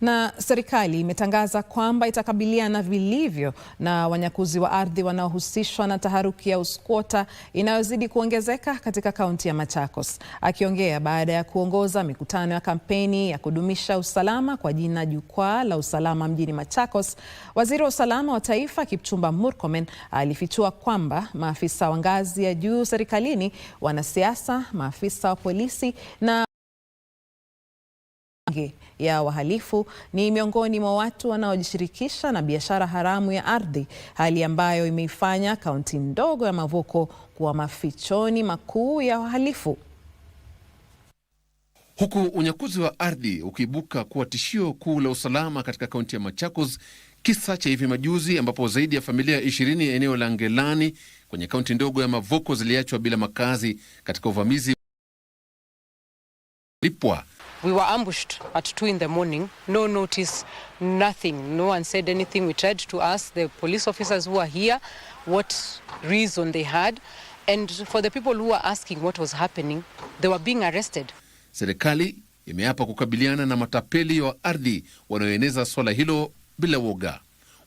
Na serikali imetangaza kwamba itakabiliana vilivyo na wanyakuzi wa ardhi wanaohusishwa na taharuki ya uskota inayozidi kuongezeka katika kaunti ya Machakos. Akiongea baada ya kuongoza mikutano ya kampeni ya kudumisha usalama kwa jina Jukwaa la Usalama mjini Machakos, Waziri wa Usalama wa Taifa Kipchumba Murkomen alifichua kwamba maafisa wa ngazi ya juu serikalini, wanasiasa, maafisa wa polisi na Mingi ya wahalifu ni miongoni mwa watu wanaojishirikisha na biashara haramu ya ardhi, hali ambayo imeifanya kaunti ndogo ya Mavuko kuwa mafichoni makuu ya wahalifu, huku unyakuzi wa ardhi ukiibuka kuwa tishio kuu la usalama katika kaunti ya Machakos. Kisa cha hivi majuzi ambapo zaidi ya familia ishirini eneo la Ngelani kwenye kaunti ndogo ya Mavuko ziliachwa bila makazi katika uvamizi lipwa We were ambushed at two in the morning. No notice, nothing. No one said anything. We tried to ask the police officers who were here what reason they had. And for the people who were asking what was happening, they were being arrested. Serikali imeapa kukabiliana na matapeli wa ardhi wanaoeneza swala hilo bila woga.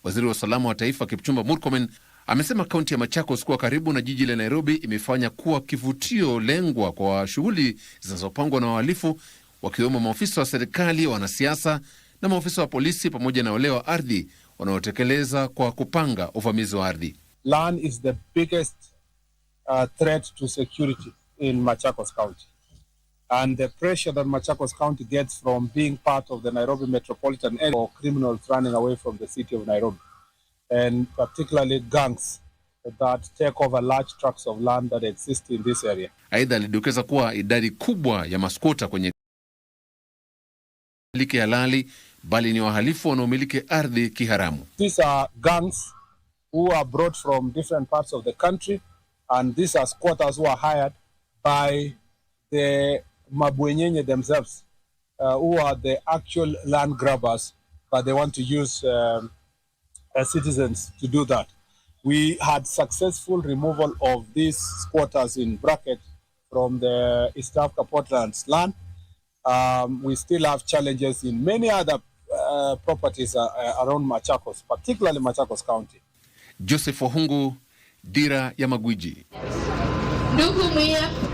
Waziri wa usalama wa taifa Kipchumba Murkomen amesema kaunti ya Machakos kuwa karibu na jiji la Nairobi imefanya kuwa kivutio lengwa kwa shughuli zinazopangwa na wahalifu wakiwemo maofisa wa serikali, wanasiasa na maofisa wa polisi pamoja na wale wa ardhi wanaotekeleza kwa kupanga uvamizi wa ardhi. Land is the biggest uh, threat to security in Machakos County. And the pressure that Machakos County gets from being part of the Nairobi metropolitan area or criminals running away from the city of Nairobi and particularly gangs that take over large tracts of land that exist in this area. Aidha alidokeza kuwa idadi kubwa ya maskota kwenye miliki halali bali ni wahalifu wanaomiliki ardhi kiharamu. These are gangs who are brought from different parts of the country and these are squatters who are hired by the mabwenyenye themselves uh, who are the actual land grabbers but they want to use um, uh, citizens to do that. We had successful removal of these squatters in bracket from the East Africa Portland's land um, we still have challenges in many other uh, properties uh, uh, around Machakos, particularly Machakos County. Joseph Ohungu, Dira ya Magwiji. Ndugu Mwia